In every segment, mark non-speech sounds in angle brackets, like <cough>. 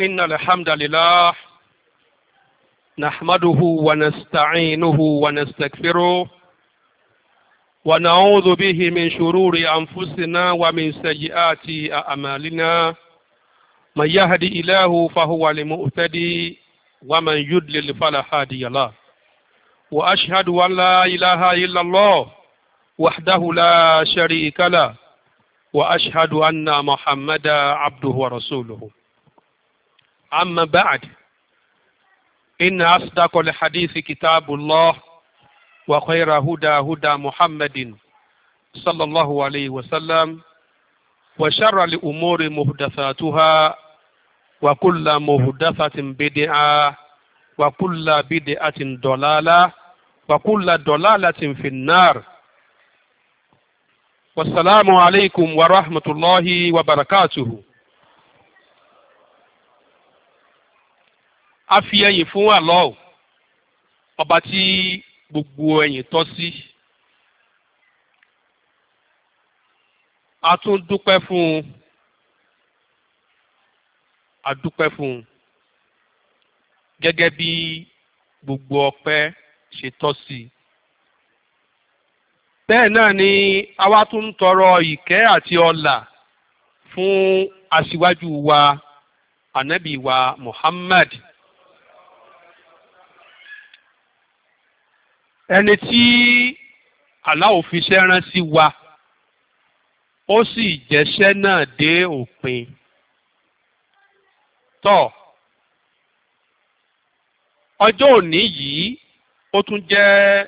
إن الحمد لله نحمده ونستعينه ونستغفره ونعوذ به من شرور أنفسنا ومن سيئات أعمالنا من يهدي إله فهو المؤتدي ومن يدلل فلا هادي له وأشهد أن لا إله إلا الله وحده لا شريك له وأشهد أن محمدا عبده ورسوله أما بعد إن أصدق الحديث كتاب الله وخير هدى هدى محمد صلى الله عليه وسلم وشر الأمور محدثاتها وكل محدثة بدعة وكل بدعة ضلالة وكل ضلالة في النار والسلام عليكم ورحمة الله وبركاته a fi ẹyìn fún àlọ́ ọba tí gbogbo ẹyìn tọ́ sí. a tún dúpẹ́ fún un a dúpẹ́ fún un gẹ́gẹ́ bí gbogbo ọpẹ́ ṣe tọ́ sí i. bẹ́ẹ̀ náà ni àwa tún ń tọrọ ìkẹ́ àti ọlà fún aṣíwájú wa ànábì wa Muhammad ẹni tí aláwo fi iṣẹ́ rán sí wa ó sì jẹ́ṣẹ́ náà dé òpin tọ́ ọjọ́ òní yìí ó tún jẹ́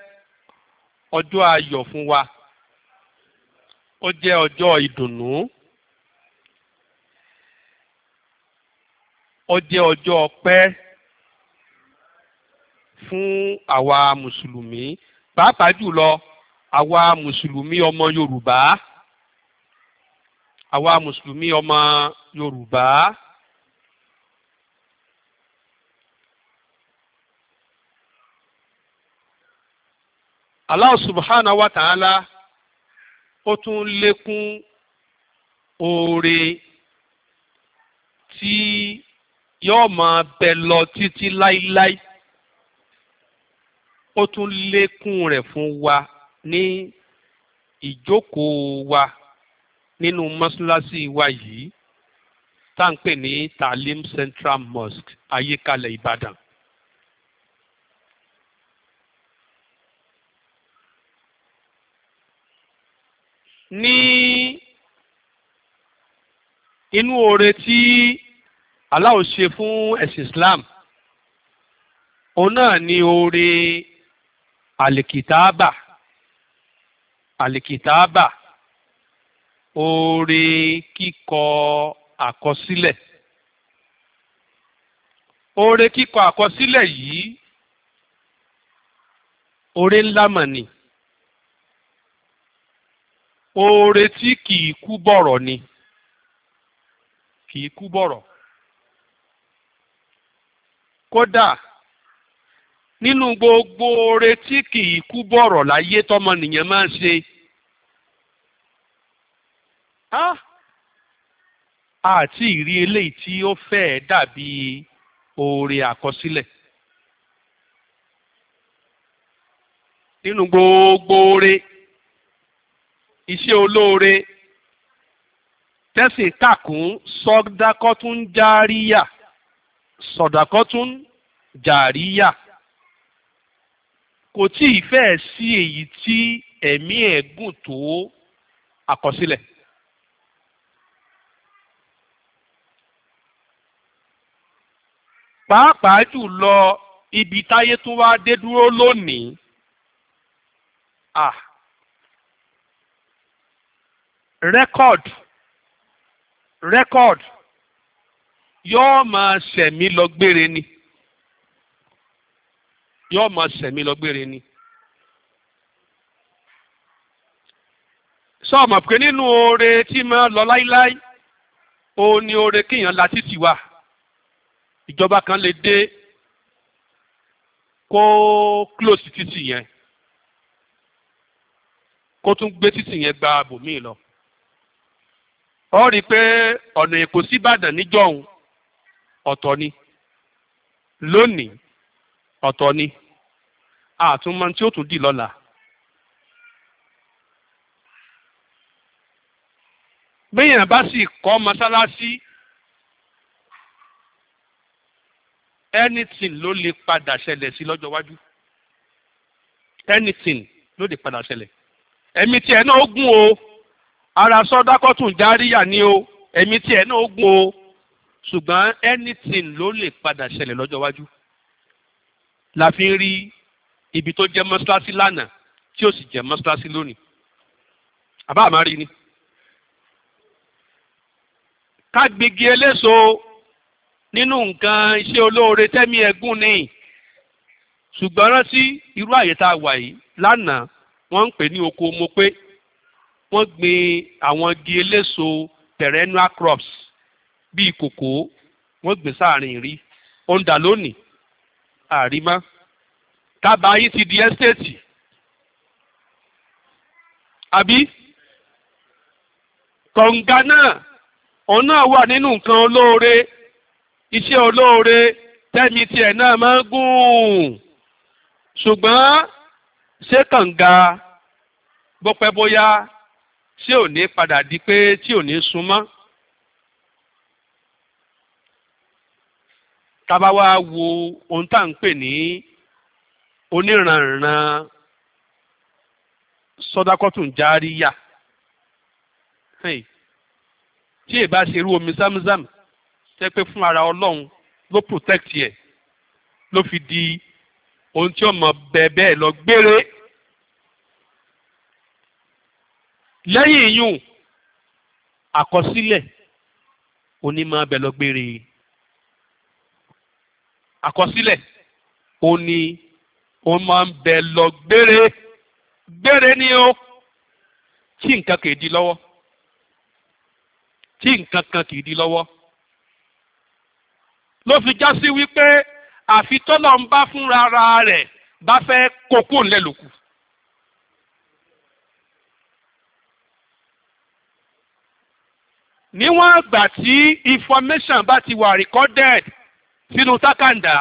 ọjọ́ ayọ̀ fún wa ó jẹ́ ọjọ́ ìdùnnú ó jẹ́ ọjọ́ ọpẹ́ fún àwa mùsùlùmí pàápàá jùlọ àwa mùsùlùmí ọmọ Yorùbá àwa mùsùlùmí ọmọ Yorùbá. Allah subhanahu wa ta'ala ó tún lékún oore tí yóò máa bẹ lọ títí láíláí ó tún lékún rẹ̀ fún wa ní ìjókòó wa nínú mọ́ṣáláṣí wa yìí tá à ń pè ní Talim Central Mosque Ayékalẹ̀ Ìbàdàn. ní inú oore tí Allah ṣe fún ẹ̀sìn Islam òun náà ni oore Alikitaba, alikitaba, oore kíkọ àkọsílẹ̀ oore kíkọ àkọsílẹ̀ yìí oore ńlá mà ni oore tí kìí kú bọ̀rọ̀ ni kìí kú bọ̀rọ̀ kódà nínú gbogbo oore tí kì í kú bọ̀rọ̀ láyé tọmọnìyàn máa ń ṣe. àti ìrí eléyìí tí ó fẹ́ẹ̀ dàbí oore àkọsílẹ̀. nínú gbogbo oore iṣẹ́ olóore tẹ́sí kàkún sọ́dákọ́tún járíyà sọ́dákọ́tún járíyà kò tí ì fẹ́ sí èyí tí ẹ̀mí ẹ̀ gùn tó àkọsílẹ̀. pàápàá jù lọ ibi táyé tó wá dé dúró lónìí ah rẹ́kọ̀d rẹ́kọ̀d yóò máa ṣẹ̀mí lọ gbére ni yóò máa sẹ̀mí lọ gbére ni. sọ ma pé nínú oore tí máa lọ láíláí òun ni oore kéèyàn la títì wà ìjọba kan lè dé kó close títì yẹn kó tún gbé títì yẹn gba abòmíì lọ ọ rí i pé ọ̀nà Èkó sí Ìbàdàn ọ̀tọ̀ ni lónìí ọ̀tọ̀ ni àtúmọ̀ tí ó tún dì lọ́la. béèyàn bá sì kọ́ mọ́sálásí anything ló lè padà ṣẹlẹ̀ sí lọ́jọ́ iwájú anything ló lè padà ṣẹlẹ̀ ẹ̀mí tiẹ̀ náà ó gùn o ara sọ́dákọ́tún járíyà ni o ẹ̀mí tiẹ̀ náà ó gùn o ṣùgbọ́n anything ló lè padà ṣẹlẹ̀ lọ́jọ́ iwájú la fi ń rí ibi tó jẹ́ mọ́ṣáláṣí lánàá tí ó sì jẹ́ mọ́ṣáláṣí lónìí àbá àmárí ni. ká gbégi eléso nínú nǹkan iṣẹ́ olóore tẹ́mi ẹ̀gún ni ṣùgbọ́n rántí irú àyè tá a wà yìí lánàá wọ́n ń pè ní oko mo pé wọ́n gbin àwọn igi eléso perennial crops bíi kòkó wọ́n gbìn sáàrin rí ó ń dà lónìí àrímá. Ah, tábà yín ti di ẹ́stéètì àbí kọ̀ǹga náà òun náà wà nínú nǹkan olóore iṣẹ́ olóore tẹ́mi tiẹ̀ náà máa ń gùn ṣùgbọ́n ṣé kànga bó pẹ́ bóyá tí ò ní padà di pé tí ò ní súnmọ́. tábà wá wo ohun tá à ń pè ní oníranran sọdákọ́tún járíyà tí èbá ṣe irú omi zamzam tẹ́ pé fún ara ọlọ́run ló protect yẹ ló fi di ohun tí ọmọ bẹ́ẹ̀ lọ gbére lẹ́yìn iyùn àkọsílẹ̀ onímọ̀ abẹ lọ gbére àkọsílẹ̀ òní ó máa ń bẹ lọ gbére gbére ni ó tí nǹkan kì í di lọ́wọ́ tí nǹkan kan kì í di lọ́wọ́ ló fi já sí wípé àfi tọ́lọ̀ ń bá fúnra rẹ̀ bá fẹ́ kókó ńlẹ́lòkù. níwọ̀n àgbà tí information bá ti wà recorded sínú tákàndá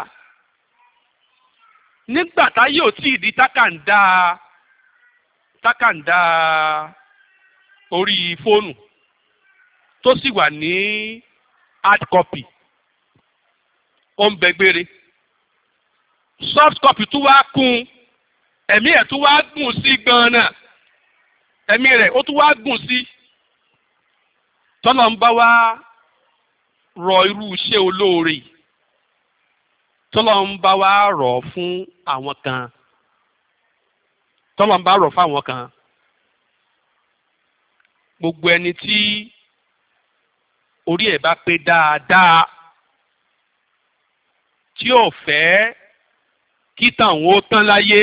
nígbà táyé ò tí ì di takanda, takanda orí fóònù tó sì wà ní hard copy ó ń bẹ gbére soft copy tún wá kún ẹ̀mí ẹ̀ tún wá gùn sí gan-an náà ẹ̀mí rẹ̀ ó tún wá gùn sí tọ́lọ́ ń bá wá rọ irú iṣẹ́ olóore yìí tọ́lọ́n wa wá rọ̀ fún àwọn kan tọ́lọ́n bá rọ̀ fún àwọn kan gbogbo ẹni tí orí ẹ̀ bá pé dáadáa tí ò fẹ́ kí tàwọn ó tán láyé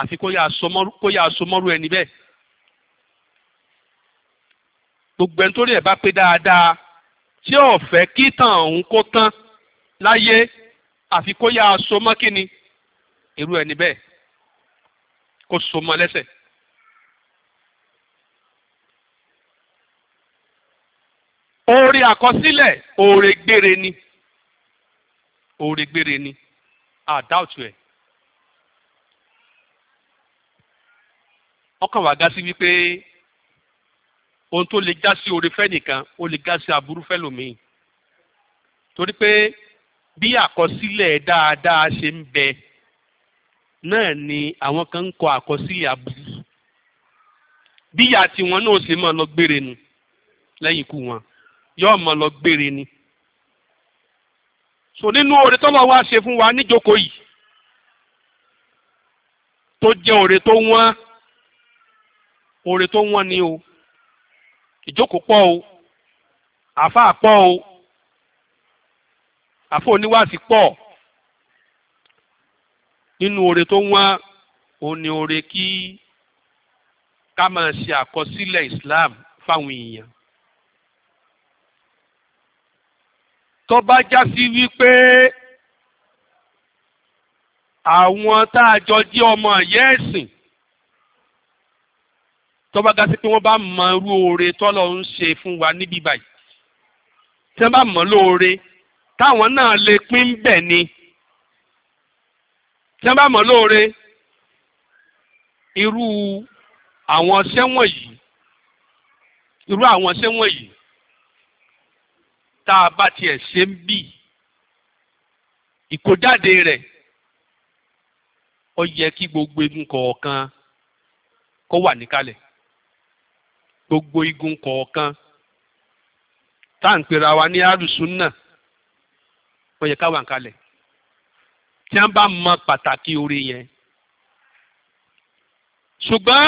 àfi kó yáa so mọ́rú ẹni bẹ́ẹ̀ gbogbo ẹni tó rí ẹ̀ bá pé dáadáa tí ò fẹ́ kí tàwọn kó tán láyé àfi kó yá aṣọ mọ́ kíni irú ẹni bẹ́ẹ̀ kó so mọ́ lẹ́sẹ̀. oore àkọsílẹ̀ oore gbére ni oore gbére ni àdáòtú ẹ̀. ọkàn wà gá sí wípé ohun tó lè já sí oore fẹ́ nìkan ó lè já sí aburú fẹ́ lòmíì torí pé bí àkọsílẹ̀ dáadáa ṣe ń bẹ náà ni àwọn kan ń kọ àkọsílẹ̀ aburú bíyà tiwọn náà ṣe máa lọ gbére nu lẹ́yìn ikú wọn yóò máa lọ gbére ni. so nínú oore tọ́lọ́ wa ṣe fún wa níjókòó yìí tó jẹ́ oore tó wọ́n oore tó wọ́n ni o ìjókòó pọ̀ o àfa pọ̀ o àfọ oníwàásí pọ̀ nínú oore tó wá òun ni oore kí ká máa ṣe àkọsílẹ̀ Islam fáwọn èèyàn. tó bá já sí wípé àwọn tá a jọ jẹ́ ọmọ ẹ̀yẹ́ tó bá ga sí pé wọ́n bá mọ irú oore tọ́lọ́ ń ṣe fún wa níbí báyìí tí wọ́n bá mọ̀ lóore káwọn náà lè pín bẹ̀ ni tí wọ́n bá mọ̀ lóore irú àwọn sẹ́wọ̀n yìí irú àwọn sẹ́wọ̀n yìí tá a bá tiẹ̀ ṣe ń bì ìkójáde rẹ̀ ó yẹ kí gbogbo igun kọ̀ọ̀kan kó wà níkàlẹ̀ gbogbo igun kọ̀ọ̀kan tá à ń pera wa ní àrùsùn náà ó yẹ ká wà ń kalẹ̀ tí wọ́n bá mọ pàtàkì oore yẹn ṣùgbọ́n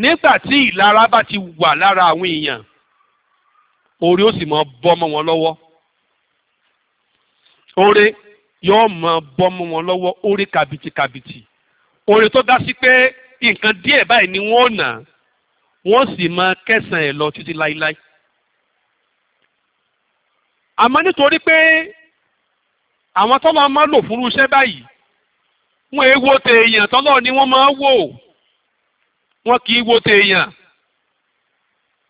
nígbà tí ìlara bá ti wà lára àwọn èèyàn oore ó sì mọ bọ́ mọ́ wọn lọ́wọ́ oore yóò mọ bọ́ mọ́ wọn lọ́wọ́ oore kàbìtìkàbìtì oore tó dá sí pé nǹkan díẹ̀ báyìí ni wọ́n nà wọ́n sì máa kẹsàn-án ẹ̀ lọ títí láíláí àmọ́ nítorí pé àwọn tọ́lọ́ máa lò fún irúṣẹ́ báyìí wọn èé wo tèèyàn tọ́lọ́ ni wọ́n máa wò wọn kì í wo tèèyàn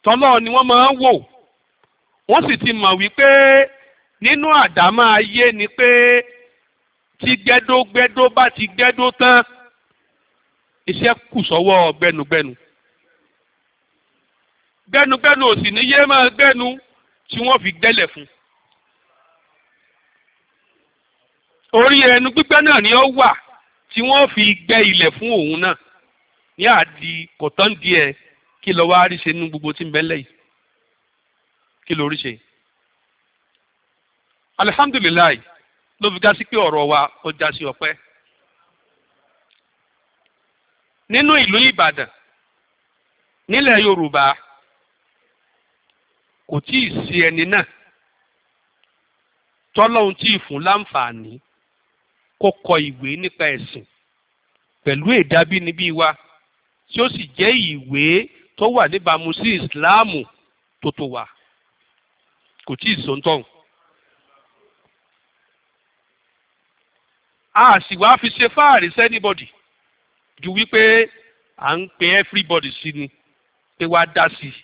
tọ́lọ́ ni wọ́n máa wò wọ́n sì ti mọ̀ wípé nínú àdámọ́ ayé ni pé tí gbẹ́dógbẹ́dó bá ti gbẹ́dó tán iṣẹ́ kù sọ́wọ́ gbẹnugbẹnu gbẹnugbẹnu ò sì ní yé máa gbẹnu tí wọ́n fi gbẹ́lẹ̀ fún un. orí ẹnu gbígbẹ́ náà ni ó wà tí wọ́n fi gbẹ́ ilẹ̀ fún òun náà ní àdì kọ̀tán díẹ̀ kí ló wá rí ṣe nínú gbogbo tí ń bẹ́lẹ̀ yìí kí ló ṣe. alihamdulilayi ló fi já sí pé ọ̀rọ̀ wa ó já sí ọpẹ́. nínú ìlú Ìbàdàn nílẹ̀ Yorùbá kò tí ì sí ẹni náà tọ́lọ́hun tí ì fún láǹfààní kó kọ ìwé nípa ẹ̀sìn pẹ̀lú èdábínibí wa tí ó sì jẹ́ ìwé tó wà níbàámu sí ìsìláàmù tó tó wà kò tí ì sọ́ńtọ̀hún. a sì wá fi ṣe fáàrí sẹ́nibọ̀dì ju wípé à ń pe everybody sí ni pé wá dá sí i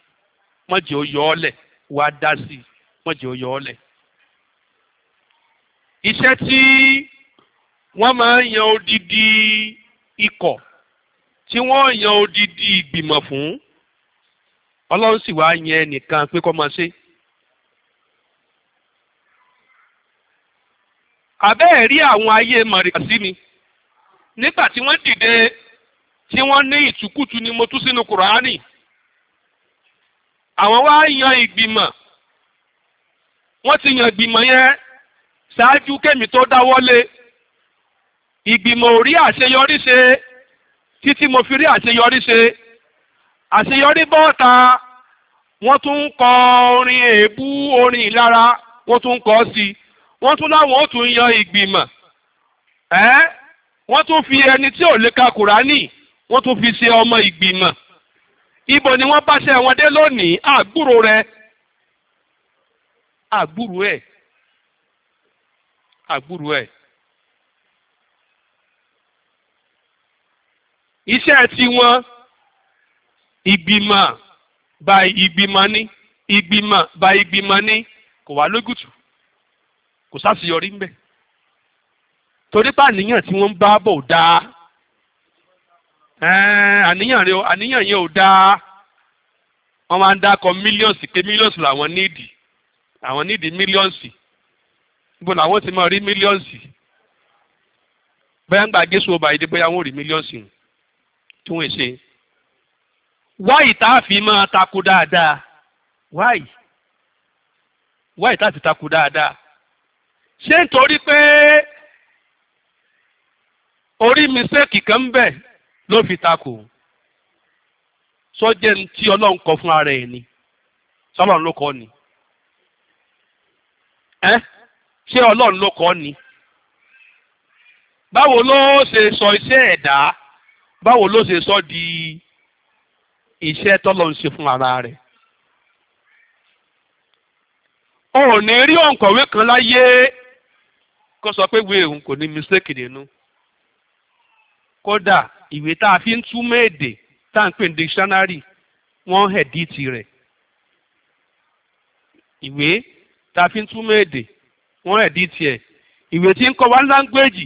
mọ̀jẹ̀ ó yọ ọ́ lẹ̀ wá dá sí i mọ̀jẹ̀ ó yọ ọ́ lẹ̀. iṣẹ́ tí wọ́n máa ń yan odidi ikọ̀ tí wọ́n yan odidi ìgbìmọ̀ fún ọlọ́run sì wá yan ẹnìkan pé kọ́ máa ṣe. àbẹ́ẹ̀ rí àwọn ayé mọ̀rìkà sí mi. nígbà tí wọ́n dìde tí wọ́n ní ìtùkùtù ni mo tú sínú kùránì àwọn wá yan ìgbìmọ̀ wọ́n ti yan ìgbìmọ̀ yẹn ṣáájú kémi tó dáwọ́lé. ìgbìmọ̀ ò rí àṣeyọrí ṣe títí mo fi rí àṣeyọrí ṣe àṣeyọrí bọ́ọ̀ta wọ́n tún ń kọ orin èébú orin ìlara wọ́n tún ń kọ sí i wọ́n tún láwọn ó tún yan ìgbìmọ̀ ẹ́ wọ́n tún fi ẹni tí ò lè ka kùránì wọ́n tún fi ṣe ọmọ ìgbìmọ̀ ibo ni wọ́n bá ṣe wọn dé lónìí àgbúrò rẹ àgbúrò ẹ̀ àgbúrò ẹ̀. iṣẹ́ tiwọn ìgbìmọ̀ by ìgbìmọ̀ ni ìgbìmọ̀ by ìgbìmọ̀ ni kò wá lójútùú kò sáṣeyọrí ń bẹ̀ torí pé àníyàn tí wọ́n ń bá bọ̀ ò dáa àníyàn rẹ àníyàn yẹn ò dáa wọ́n máa ń dákọ̀ millions pé millions làwọn níìdì àwọn níìdì millions níbo làwọn ti máa rí millions bóyá ń gbà gé so bàyìí dé bóyá wọ́n rí millions nù tí wọ́n ṣe wáyì tá a fi máa takò dáadáa wáyì wáyì tá a fi takò dáadáa ṣé nítorí pé orí mi sẹ́ẹ̀kì kan ń bẹ ló fi takò sọ́jẹ́ ní tí ọlọ́run kọ fún ara ẹ̀ ni sọ́lọ́run ló kọ́ ni ẹ́ ṣé ọlọ́run ló kọ́ ni báwo ló ṣe sọ iṣẹ́ ẹ̀dá. E báwo ló ṣe sọ di iṣẹ́ tọ́lọ́ ń ṣe fún ara rẹ̀ o ò ní rí òǹkọ̀wé kan láyé kó sọ pé ìwé òun kò ní mistake nínú kódà ìwé tá a fi ń túmọ̀ èdè tá à ń pè ní dictionary wọ́n hẹ̀díìtì rẹ̀ ìwé tá a fi ń túmọ̀ èdè wọ́n hẹ̀díìtì ẹ̀ ìwé tí ń kọ́ wá language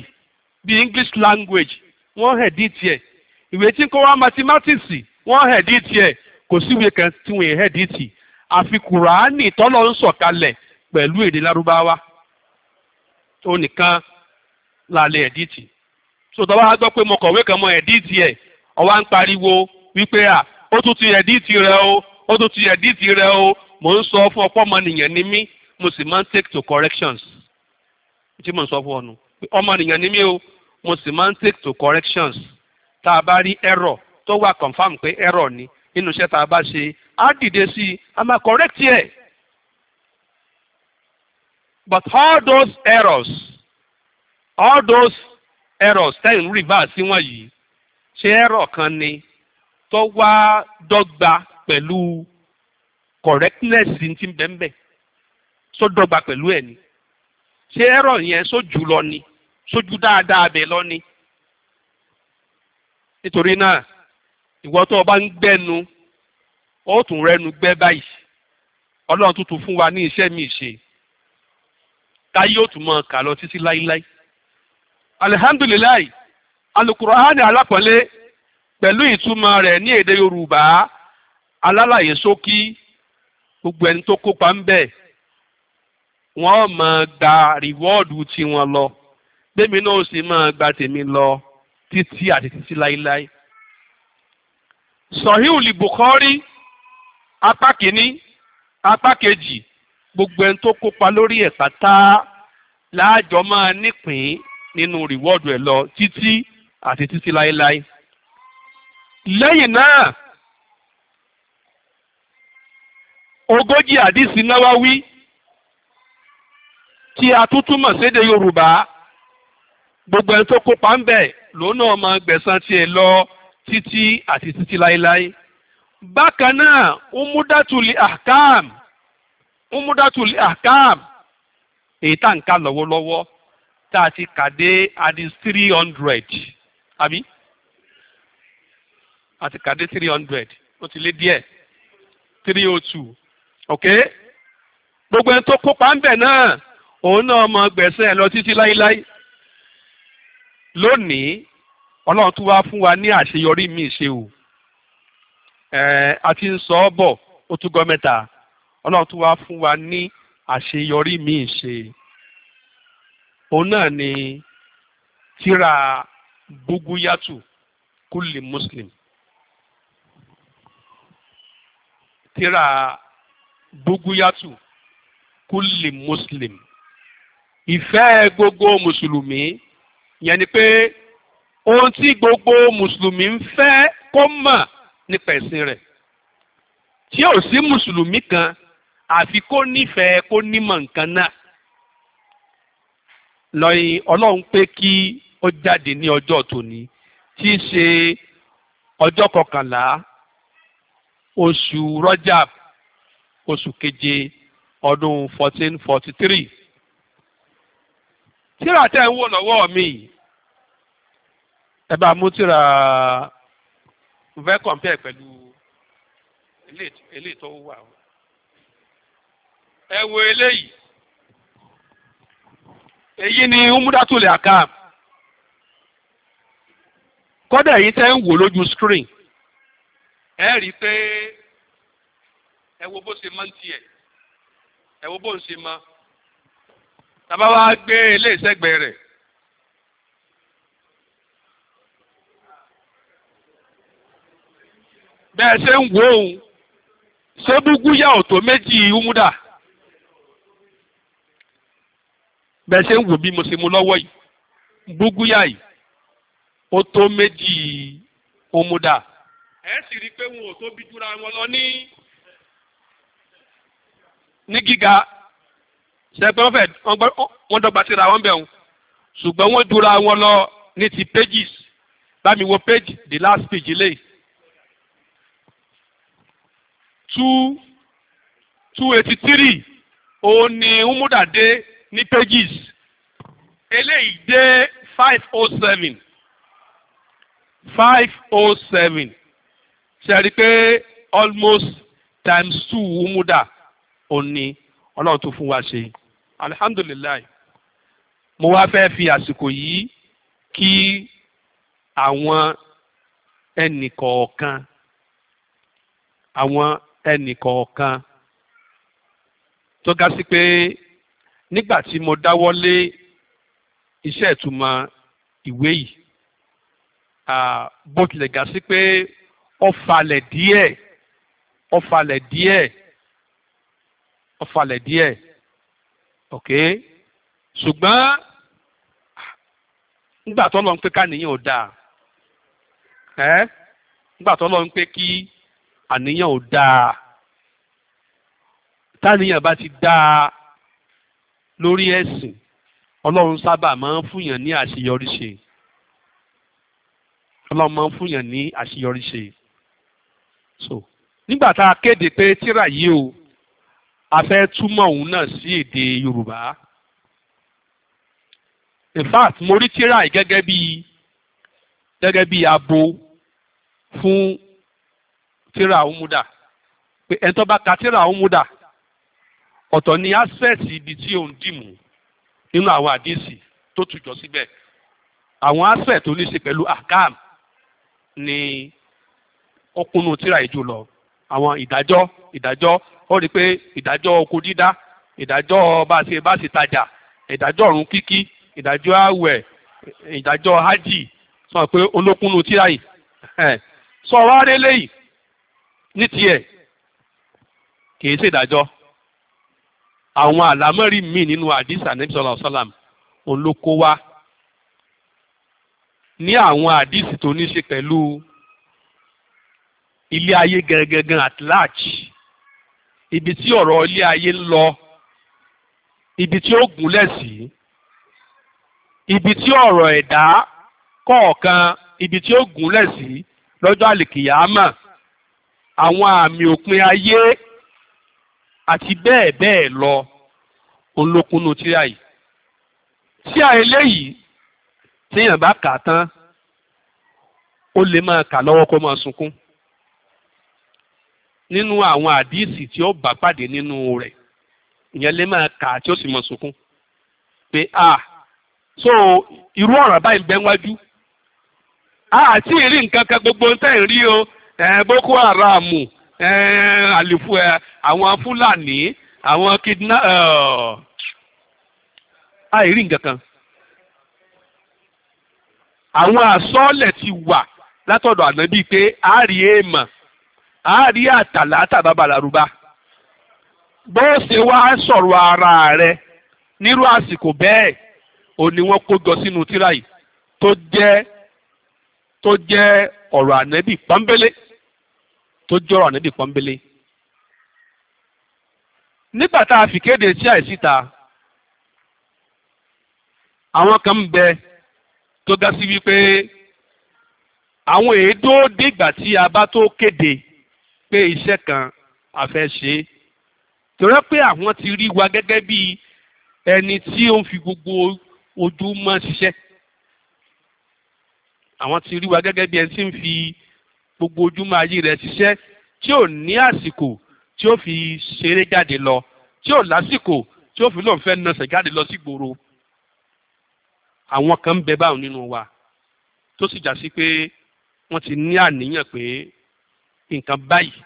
bíi English language wọ́n hẹ̀díìtì ẹ̀ ìwé tí ń kọ́ wa mathematics wọ́n hẹ̀díìtì ẹ̀ kò síwèé kan tí wọ́n yẹn hẹ̀díìtì àfi kùránì tọ́lọ́ ń sọ̀kalẹ̀ pẹ̀lú èdè lárúbáwá tó nìkan lálẹ́ ẹ̀díìtì so tọ́wọ́ á gbọ́ pé mo kọ̀wé kan mọ ẹ̀díìtì ẹ̀ ọwọ́ à ń pariwo wípé à ó tún ti ẹ̀díìtì rẹ o ó tún ti ẹ̀díìtì rẹ o mò ń sọ fún ọ̀pọ̀ ọmọnìyàn ni mí mo sì máa ń take to corrections tí mo ń sọ fún ọ nù ọmọnìyàn ni mí o mo sì máa ń take to corrections tá a bá rí error tó wà confam pé error ni nínú iṣẹ́ tá a bá ṣe á dìde sí i a máa correct ẹ̀. but all those errors all those errors tẹ́yìn rìbá sí wọ̀nyí ṣé error kan ni tó wá dọ́gba pẹ̀lú correctness ti ń bẹ́ẹ̀ bẹ́ẹ̀ dọ́gba pẹ̀lú ẹ̀ ni ṣé error yẹn sójú lọ ni sójú dáadáa bẹ́ẹ̀ lọ ni nítorí náà ìwọ tó o bá ń gbẹ́nu ó tún rẹ́nu gbẹ́ báyìí ọlọ́run tuntun fún wa ní iṣẹ́ mi ṣe táyé ó tún máa kà lọ títí láíláí alihamdulilayi alukurahani alápọ̀nlé pẹ̀lú ìtumọ̀ rẹ̀ ní èdè yorùbá alálàyé ṣókí gbogbo ẹni tó kópa ń bẹ̀ wọ́n máa gba rìwọ́ọ̀dù tiwọn lọ bẹ́mi náà sì máa gba tèmi lọ títí àti títí láíláí. sọ̀híùlì Bukhari apá kìíní apá kejì gbogbo ẹni tó kópa lórí ẹ̀ pátá láàjọ máa nípìn nínú rìwọ́ọ̀dù ẹ̀ lọ títí àti títí láíláí. lẹ́yìn náà ogójì àdìsí náwáwí tí a tún túmọ̀ sédè Yorùbá gbogbo ẹni tó kópa ń bẹ̀ lòun náà máa gbẹ̀san tiẹ̀ lọ títí àti títí láéláé bákan náà umudatuli akam, umudatuli ahkam èyí tá n ká lọ́wọ́lọ́wọ́ tá a ti kà dé three hundred àbí àti kà dé three hundred ó ti lé díẹ̀ three oh two ok gbogbo ẹni tó kópa ń bẹ̀ náà òun náà mọ gbẹ̀sẹ̀ lọ títí láíláí lónìí ọlọ́run tún wá fún wa ní àṣeyọrí míì ṣe o a ti ń bọ̀ ó tún gọ́ mẹ́ta ọlọ́run tún wá fún wa ní àṣeyọrí míì ṣe òun náà ni tíra buguyatu kulli muslim tíra buguyatu kulli muslim ìfẹ́ gbogbo mùsùlùmí yẹn ni pé ohun tí gbogbo mùsùlùmí ń fẹ́ kó mọ̀ nípa ẹ̀sìn rẹ̀ tí ò sí mùsùlùmí kan àfi kó nífẹ̀ẹ́ kó nímọ̀ nǹkan náà lọ́yìn ọlọ́run pé kí ó jáde ní ọjọ́ tòní tí í ṣe ọjọ́ kọkànlá oṣù Rajab oṣù keje ọdún fourteen forty three tíra tẹ́ ń wò lọ́wọ́ mi ẹ bá mú tíra mo fẹ́ compare pẹ̀lú eléyìí tó wà o ẹ wo eléyìí èyí ni umudatule akam kódà èyí tẹ́ ń wò lójú screen ẹ rí i pé ẹ wo bó ṣe máa ń tiẹ̀ ẹ wo bó ń ṣe máa tàbá wá gbé eléyìí sẹ́gbẹ̀ẹ́ rẹ̀. bẹ́ẹ̀ ṣe ń wò ó ṣé búgúyà ò tó méjì húmúdà bẹ́ẹ̀ ṣe ń wò bí mo ṣe mú lọ́wọ́ yìí búgúyà yìí ó tó méjì húmúdà ẹ sì rí i pé wọn ò tóbi jura wọn lọ ní ní gíga ṣẹgbẹ́ wọn dọ́gba síra wọn bẹ̀ wọn ṣùgbọ́n wọ́n jura wọn lọ ní ti pages bá mi wo page the last page lẹ́yìn two two eighty three òun ni umuda dé ní pages eléyìí dé five oh seven five oh seven ṣe rí pé almost times two umuda òun ni ọlọ́run tó fún wa ṣe alihamdulilayi mo wá fẹ́ fi àsìkò yìí kí àwọn ẹnìkọ̀ọ̀kan àwọn ẹnì kọ̀ọ̀kan tó ga sí pé nígbà tí mo dáwọ́lé iṣẹ́ ìtumọ̀ ìwé yìí bó tilẹ̀ ga sí pé ó falẹ̀ díẹ̀ ó falẹ̀ díẹ̀ ó falẹ̀ díẹ̀ ok ṣùgbọ́n nígbà tó lọ pé káníyàn ò dáa ẹ́ nígbà tó lọ pé kí àníyàn ò dáa táníyàn bá ti dáa lórí ẹ̀sìn ọlọ́run sábà máa ń fúnyàn ní àṣeyọrí ṣe ọlọ́run máa ń fúnyàn ní àṣeyọrí ṣe so nígbà tá a kéde pé tíra yìí o a fẹ́ túmọ̀ òun náà sí èdè Yorùbá in fact mo rí tíra yìí gẹ́gẹ́ bí gẹ́gẹ́ bí abo fún tíra òmùdà pé ẹni tó bá ka tíra òmùdà ọ̀tọ̀ ni ásẹ̀sì ibi tí òun dìmú nínú àwọn àdísì tó tùjọ síbẹ̀ àwọn ásẹ̀ tó ní ṣe pẹ̀lú akam ni ọkùnrin tíra ìjù lọ àwọn ìdájọ́ ìdájọ́ ó rí i pé ìdájọ́ oko dídá ìdájọ́ bá a ṣe bá a ṣe tajà ìdájọ́ ọ̀run kíkí ìdájọ́ àwẹ̀ ìdájọ́ hajj sọ pé olókùnrin tíra yìí sọ wá rélé yìí ní tiẹ̀ kì í ṣe ìdájọ́ àwọn àlámọ́rí míì nínú àdìsá níbi sọlá ọ̀sálàm òun ló kó wá ní àwọn àdìsí tó ní ṣe pẹ̀lú ilé ayé gangan at large ibi tí ọ̀rọ̀ ilé ayé ń lọ ibi tí ó gúnlẹ̀ sí ibi tí ọ̀rọ̀ ẹ̀dá kọ̀ọ̀kan ibi tí ó gúnlẹ̀ sí lọ́jọ́ àlìkìyàmà àwọn àmì òpin ayé àti bẹ́ẹ̀ bẹ́ẹ̀ lọ olókunú tíra yìí tíra eléyìí téèyàn bá kà tán ó lè máa kà lọ́wọ́ kó máa sunkún nínú àwọn àdíìsì tí ó bá pàdé nínú rẹ̀ ìyẹn lè máa kà tí ó sì máa sunkún pé a so irú ọ̀ràn báyìí bẹ́ẹ̀ wájú a àti ìrí nǹkan kan gbogbo ń tẹ̀ ń rí o eh, boko haram eh, àlìfù ẹ àwọn fúlàní àwọn kidna àìrí nǹkan kan àwọn àsọ́ọ̀lẹ̀ ti wà látọ̀dọ̀ ànábì pé àárí èèmọ̀ àárí àtàlà àtàbàbà làrúbá bó ṣe wá sọ̀rọ̀ ara rẹ̀ nírú àsìkò bẹ́ẹ̀ ò ní wọ́n sínú tíra tó jẹ́ tó jẹ́ ọ̀rọ̀ ànábì pọ́nbélé tó jọrọ níbi pọ́nbélé nígbà tá a fi kéde sí àìsíta àwọn kan ń bẹ tó ga sí wípé àwọn èédó dìgbà tí a bá tó kéde pé iṣẹ́ kan a fẹ́ ṣe torí pé àwọn ti rí wa gẹ́gẹ́ bí ẹni tí ó ń fi gbogbo ojú mọ́ ṣiṣẹ́ àwọn ti rí wa gẹ́gẹ́ bí ẹni tí ń fi gbogbo ojúmọ́ ayé rẹ̀ ṣiṣẹ́ tí ò ní àsìkò tí ó fi ṣeré jáde lọ tí ò lásìkò tí ó fi lóun fẹ́ nasẹ̀ jáde lọ sí gbòòrò àwọn kan ń bẹ báwọn nínú wa tó sì já sí pé wọ́n ti ní àníyàn pé nǹkan báyìí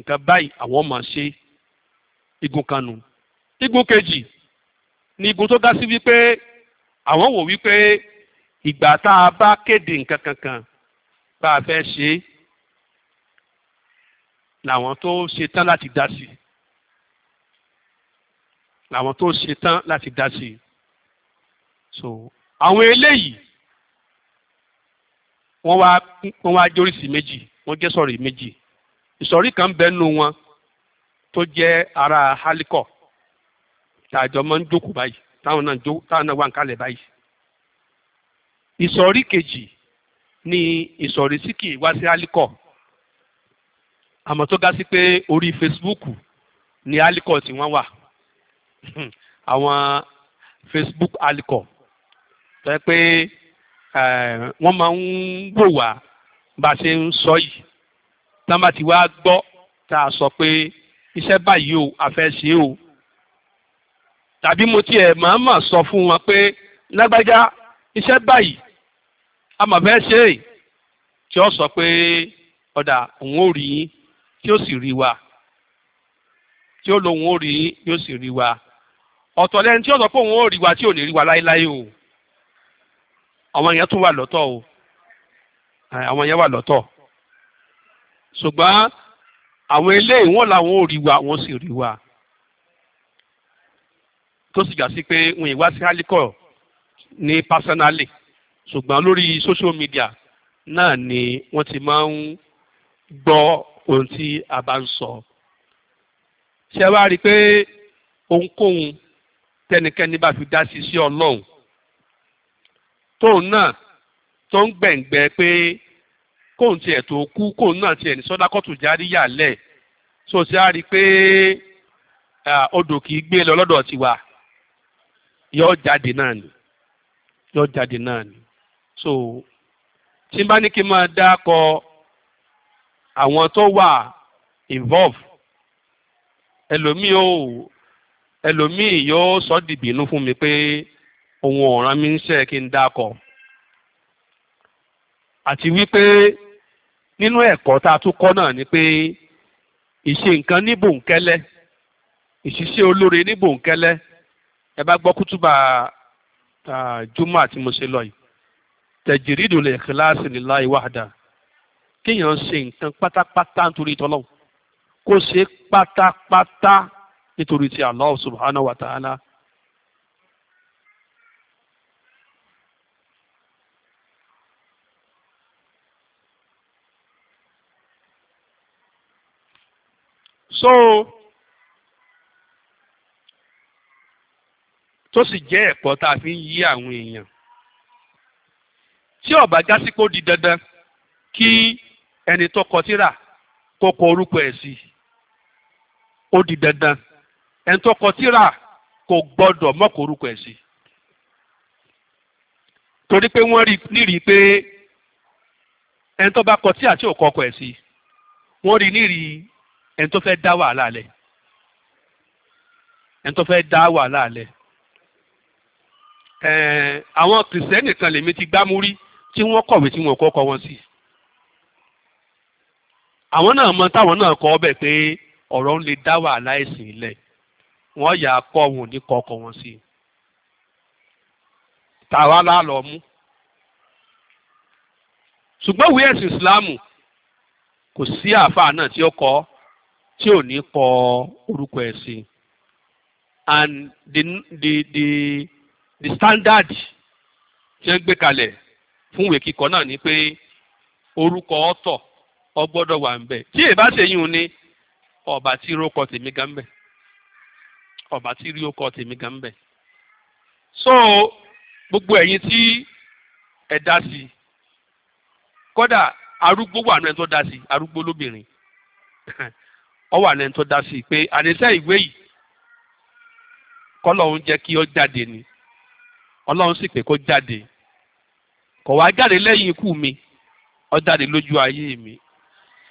nǹkan báyìí àwọn máa ṣe igun kan nù igun kejì ni igun tó dá sí wípé àwọn wò wípé ìgbà tá a bá kéde nǹkan kankan bá a fẹ́ ṣe é làwọn tó ṣetán láti dá sí làwọn tó ṣetán láti dá sí so àwọn eléyìí wọ́n wá wọ́n wá jórísì méjì wọ́n jẹ́ sọ̀rí méjì ìsọ̀rí kan bẹ́ẹ̀ wọn tó jẹ́ ara hálíkọ̀ tàjọ máa ń jókòó báyìí táwọn náà jó táwọn náà wà ń kalẹ̀ báyìí ìsọ̀rí kejì ni ìsọ̀rí sí kì í wá sí hálíkọ̀ àmọ́ tó ga sí pé orí Facebook ni alikọ tí wọ́n wà <laughs> àwọn Facebook alikọ tó yẹ pé wọ́n máa ń wò wá bá a ṣe ń sọ yìí tá a bá ti wá gbọ́ tá a sọ pé iṣẹ́ báyìí o a ṣe o tàbí mo tiẹ̀ máa mà sọ fún wọn pé lágbájá iṣẹ́ báyìí a mà fẹ́ ṣe é tí ó sọ pé ọ̀dà òun ò rí yín tí ó sì rí wa tí ó lòun ó rí yóò sì rí wa ọ̀tọ̀ lẹ́ni tí ó sọ pé òun ó rí wa tí ò ní rí wa láéláé o àwọn yẹn tún wà lọ́tọ̀ o àwọn yẹn wà lọ́tọ̀ ṣùgbọ́n àwọn eléyìí wọ́n làwọn ò rí wa wọ́n sì rí wa tó sì jà sí pé wọn ìwá sí alikọ ní pásánálì ṣùgbọ́n lórí social media náà ni wọ́n ti máa ń gbọ́ ohun tí a bá ń sọ ṣé wá rí i pé ohunkóhun tẹnikẹ́ni bá fi dá sí sí ọlọ́run tóun náà tó ń gbẹ̀ǹgbẹ́ pé kóun tiẹ̀ tó kú kóun náà tiẹ̀ ní sọ́dákọ́tù járí yàlẹ̀ so ṣé a rí i pé odò kì gbé lọ lọ́dọ̀ tiwa yọ jáde náà ni yọ jáde náà ni so tí n bá ní kí n máa dá kọ àwọn tó wà involve ẹlòmíì ò ẹlòmíì yóò sọ dìbínú fún mi pé òun ọ̀ràn mi ń ṣe kí n dákọ̀ àti wípé nínú ẹ̀kọ́ tá a tún kọ́ náà ni pé ìṣe nǹkan ní bòńkẹ́lẹ́ ìṣiṣẹ́ olóore ní bòńkẹ́lẹ́ ẹ bá gbọ́ kútùbà júmọ̀ àti mo ṣe lọ yìí tẹ̀jìrìdùn lè kíláàsì níláì wàhádà kéèyàn ṣe nǹkan pátápátá nítorí tọ́lọ́hùn kó ṣe pátápátá nítorí ti Allah subhanahu wa ta'ala. so tó sì jẹ́ ẹ̀kọ́ tá a fi ń yí àwọn èèyàn tí ó já sí kó di dandan kí ẹni tó kọ tírà kó kọ orúkọ ẹ̀ sí ó di dandan ẹni tó kọ tírà kò gbọ́dọ̀ mọ́kò orúkọ ẹ̀ sí torí pé wọ́n rí nírìí pé ẹni tó bá kọ tírà tí ò kọ ọkọ ẹ̀ sí wọ́n rí nírìí ẹni tó fẹ́ dá wàhálà lẹ̀ ẹni tó fẹ́ dá wàhálà lẹ̀ àwọn kìrìsìtẹ́nì kan lèmi ti gbámúrí tí wọ́n kọ̀wé tí wọ́n kọ́kọ́ wọn sí àwọn náà mọ táwọn náà kọ ọbẹ̀ pé ọ̀rọ̀ ń lè dá wàhálà ẹ̀sìn ilẹ̀ wọ́n yà á kọ́ wọn ò ní kọ́ ọkọ̀ wọn sí i tàwa la lọ mú ṣùgbọ́n ìwé ẹ̀sìn ìsìláàmù kò sí àáfàá náà tí ó kọ tí ò ní kọ orúkọ ẹ̀sìn and the the the the standard tí wọ́n gbé kalẹ̀ fún ìwé kíkọ náà ni pé orúkọ ọ̀tọ̀ ọ gbọ́dọ̀ wà ńbẹ̀ tí bá ṣèyí ò ní ọba tí rókọ tèmi ga bẹ̀ ọba tí rí ókọ tèmi gan bẹ̀ so gbogbo ẹ̀yin tí ẹ da sí kódà arúgbó wà náà tó da sí arúgbó lóbìnrin ọ <laughs> wà náà tó dá sí pé àdéṣe ìwé yìí kọ́lọ́hún jẹ́ kí ọ jáde ni ọlọ́run sì pé kó jáde kò wá jáde lẹ́yìn ikú mi ọ jáde lójú ayé mi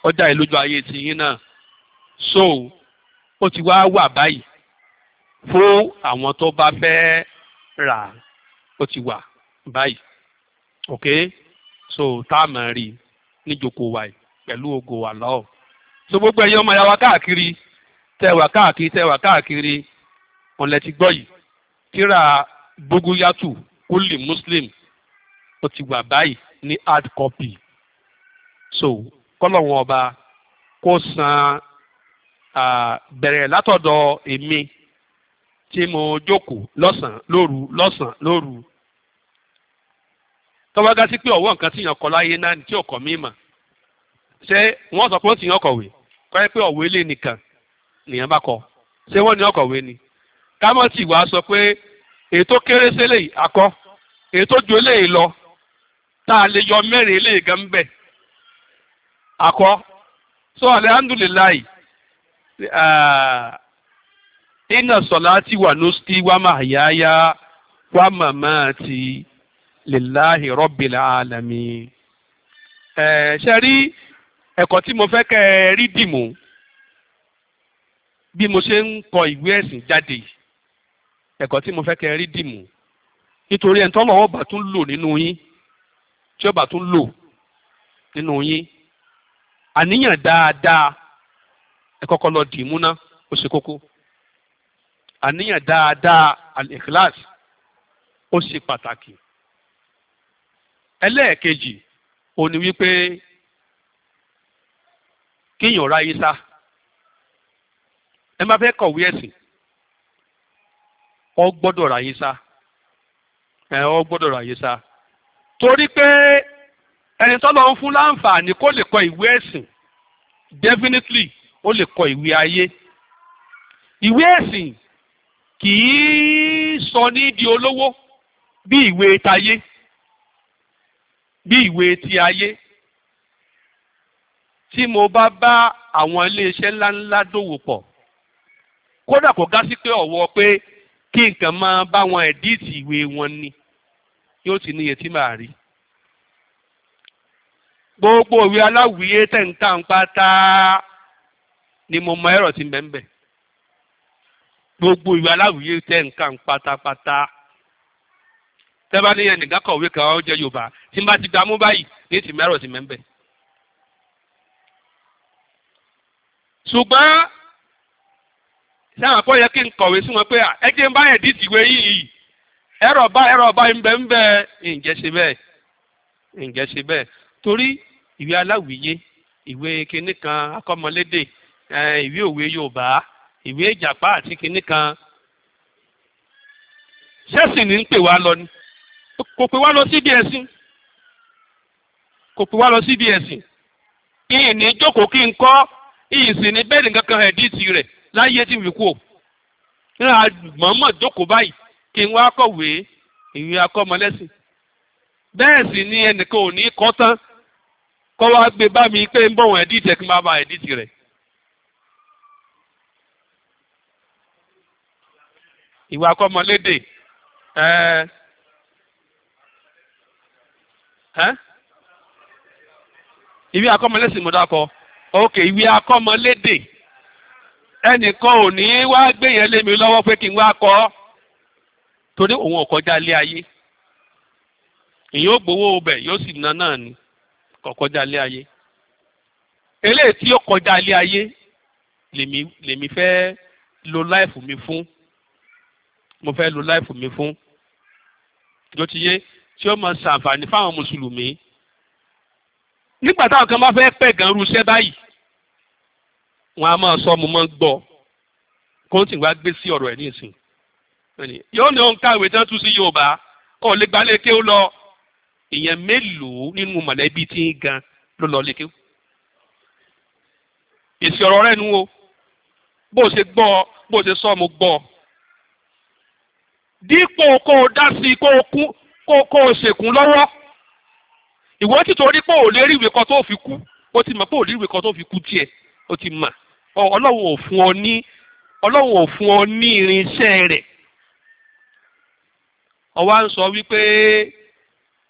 ọjà ìlójú ayé tiyín náà so ó ti wá wà báyìí fún àwọn tó bá fẹ́ rà ó ti wà báyìí ok so tá a máa rí níjókòó wa yìí pẹ̀lú ògo àlọ́ so gbogbo ẹ̀yin ọmọ ìyá wa káàkiri tẹwà káàkiri tẹwà káàkiri ọ̀nlẹ̀ ti gbọ́ yìí kíra buguyatu kúlì muslim ó ti wà báyìí ní hard copy so kọ́lọ́wọ́n ọba kó san bẹ̀rẹ̀ látọ̀dọ̀ èmi tí mo jókòó lọ́sàn-án lóru lọ́sàn-án lóru tọ́wọ́ ga sí pé ọ̀wọ́ nǹkan tí yàn kọ́ láyé náà tí ọkọ̀ mi mà ṣé wọ́n sọ pé ó sì yàn kọ̀wé kọ́ ẹ pé ọ̀wé lè nìkan nìyàn bá kọ ṣé wọ́n ní ọkọ̀wé ni kámọ́tì wàá sọ pé ètò kéré sẹ́lẹ̀ akọ ètò ju eléyìí lọ tá a lè yọ mẹ́rin eléyìí gan bẹ́ẹ̀ akọ so alihamdulilayi eh, inna salati eh, ṣe rí ẹ̀kọ́ tí mo fẹ́ kẹ́ ẹ rí bí mo ṣe ń kọ ìwé ẹ̀sìn jáde ẹ̀kọ́ tí mo fẹ́ kẹ́ ẹ rí nítorí bá tún lò nínú yín tí ó bá tún lò nínú yín àníyàn dáadáa ẹ kọ́kọ́ lọ dì í múná ó ṣe kókó àníyàn dáadáa al-ikhlas ó ṣe pàtàkì ẹlẹ́ẹ̀kejì ó ní wípé kéèyàn ráyé sá ẹ má fẹ́ kọ̀wé ẹ̀sìn ọ gbọ́dọ̀ ráyé sá ẹ ọ gbọ́dọ̀ ráyé sá torí pé ẹni tọ́lọ́ ń fún láǹfààní kó lè kọ ìwé ẹ̀sìn definitely ó lè kọ ìwé ayé ìwé ẹ̀sìn kì í sọ ní di olówó bí ìwé tayé bí ìwé ti ayé tí mo bá bá àwọn iléeṣẹ́ ńláńlá dòwò pọ̀ kódà kò gá sí pé ọ̀wọ́ pé kí nǹkan máa bá wọn ẹ̀díìtì ìwé wọn ni yóò ti níye tí màá rí gbogbo òwe aláwìyé tẹ̀ǹtà ń pátá ni mo mọ ẹ̀rọ tí ń bẹ ń bẹ gbogbo ìwé aláwìyé tẹ̀ǹkà ń pátápátá tẹ́bá ní ẹnìkan kọ̀wé kan ó jẹ́ Yorùbá tí n bá ti dààmú báyìí ní ti mẹ́rọ̀ sí mẹ́ńbẹ̀. ṣùgbọ́n sáwọn akọ́ yẹ kí n kọ̀wé sí wọn pé ẹ jẹ́ n bá yẹn dídì ìwé yìí ẹ̀rọ bá ẹ̀rọ bá ń bẹ ń bẹ ǹjẹ́ ṣe bẹ́ẹ̀ ǹjẹ́ ṣe bẹ́ẹ̀ torí ìwé aláwìyé ìwé kinní kan akọ́mọlédè ìwé òwe yorùbá ìwé ìjàpá àti kinní kan ṣẹ́sì ni ń pè wá lọ ni kò pè wá lọ síbi ẹ̀sìn kò pè wá lọ síbi ẹ̀sìn ìyìn ní jókòó kí n kọ́ ìyìn sì ní bẹ́ẹ̀ kankan kan ẹ̀díìtì rẹ̀ láyé tí mi kú o nígbà jókòó báyìí kí n wá kọ̀wé ìwé akọ́mọlẹ́sìn bẹ́ẹ̀ sì ni ẹnìkan ò ní kọ́ tán kọ́ wá gbé bá mi pé ń bọ̀ wọ́n ẹ̀dítì ẹ̀ kí n bá ba ẹ̀dítì rẹ̀. ìwà kọ́mọlédè ẹ̀ ẹ́ ìwé akọ́mọlẹ́sìn mo dákọ̀ ok ìwé akọ́mọlédè ẹnìkan ò ní wá gbé yẹn lé mi lọ́wọ́ pé kí n wá kọ́ torí òun ò kọjá ilé ayé èyí ò gbowó ọbẹ̀ yóò sì ni. kò kọjá ilé ayé eléyìí tí ó kọjá ilé ayé lèmi lèmi fẹ́ lo láìfù mi fún mo fẹ́ lo láìfù mi fún tó ti yé tí ó máa ṣàǹfààní fáwọn mùsùlùmí nígbà táwọn kan bá fẹ́ pẹ̀ gan irúṣẹ́ báyìí wọn a máa sọ mo máa ń gbọ́ kóńtì wá gbé sí ọ̀rọ̀ ẹ̀ ní ìsìn yóò ní òun kàwé tán tú sí Yorùbá ọ̀ lè gbalẹ̀ kí ó lọ èèyàn mélòó nínú mọ̀lẹ́bí tí ń gan ló lọ lékè. èsì ọ̀rọ̀ rẹ̀ nu o bó o ṣe gbọ́ ọ bó o ṣe sọ mo gbọ́ ọ. dípò kó o dá sí i kó o kú kó o ṣèkún lọ́wọ́ ìwọ ti torí pé ò lè rí ìwé kan tó fi kú ó ti mọ̀ pé ò lè rí ìwé kan tó fi kú tiẹ̀ ó ti mọ̀ ọlọ́run ò fún ọ ní ọlọ́run ò fún ọ ní irinṣẹ́ rẹ̀ ọwá ń sọ wípé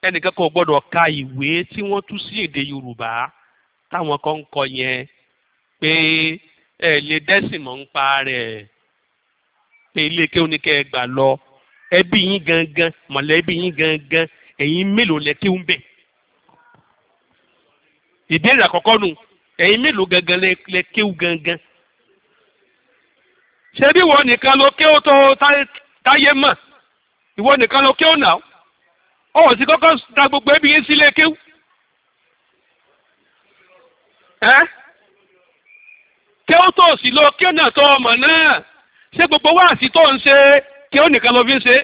ẹnìkan kò gbọ́dọ̀ ka ìwé tí wọ́n tú sí èdè Yorùbá táwọn kan ń kọ yẹn pé ẹ lè dẹ́sìn mọ́ ń pa rẹ̀ pé ilé kéwọn ní kẹ́ ẹ gbà lọ ẹbí yín gangan mọ̀lẹ́bí yín gangan ẹ̀yin mélòó lẹ kéwọn bẹ̀. ìbéèrè àkọ́kọ́ nù ẹ̀yin mélòó gangan lẹ kéwọn gangan. ṣé bí wọ́n nìkan ló kéwọ́ tó táyé mọ̀ ìwọ nìkan ló kéwọ́ náà. ọwọ́ sí kọ́kọ́ da gbogbo ẹbí yín sílé kéwú. kí ó tó sì lọ kí ó náà tó ọmọ náà ṣé gbogbo wáàsí tó ń ṣe kí ó nìkan ló fi ń ṣe.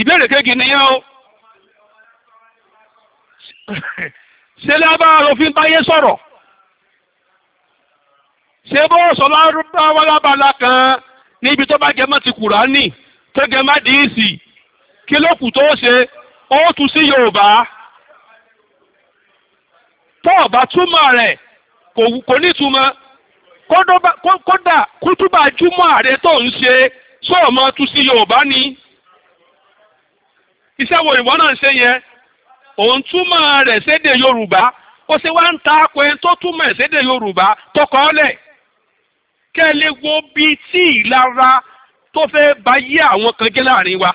ìbéèrè kéèkì nìyẹn o. ṣé lábára ló fi ń báyé sọ̀rọ̀ ṣé bó sọ lárúbáwá lábala kan níbi tó bá jẹ mọ́ ti tẹ́gẹ́ má dìísì kí ló kù tó ṣe ó tún sí yorùbá tó ọ̀bá túmọ̀ rẹ̀ kò nítumọ̀ kódà kútúbà júmọ̀ ààrẹ tó ń ṣe sọ́ọ̀mọ́ tún sí yorùbá ni iṣẹ́ wo ìwọ náà ń ṣe yẹn òun túmọ̀ rẹ̀ sédè yorùbá ó ṣe wá ń ta pé tó túmọ̀ sédè yorùbá tó kọ́ ọ́ lẹ̀ kẹ́ ẹ lè wo bíi tí ìlara tó fẹ́ bá yé àwọn kan jẹ́ láàrin wa.